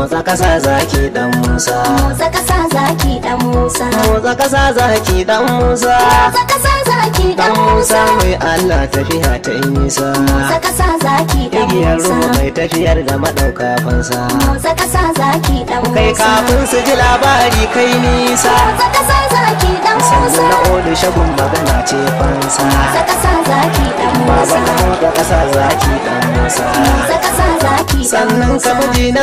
motsa kasa zaki dan musa motsa kasa zaki dan musa motsa kasa zaki dan musa motsa kasa zaki dan musa mai allah tafiya ta yi nisa motsa kasa zaki dan musa igiyar ruwa mai tafiyar da madauka fansa motsa kasa zaki dan musa kai kafin su ji labari kai nisa motsa kasa zaki dan musa Sannan na odi shagun magana ce fansa motsa kasa zaki dan musa baba motsa kasa zaki dan musa motsa kasa zaki sannan ka na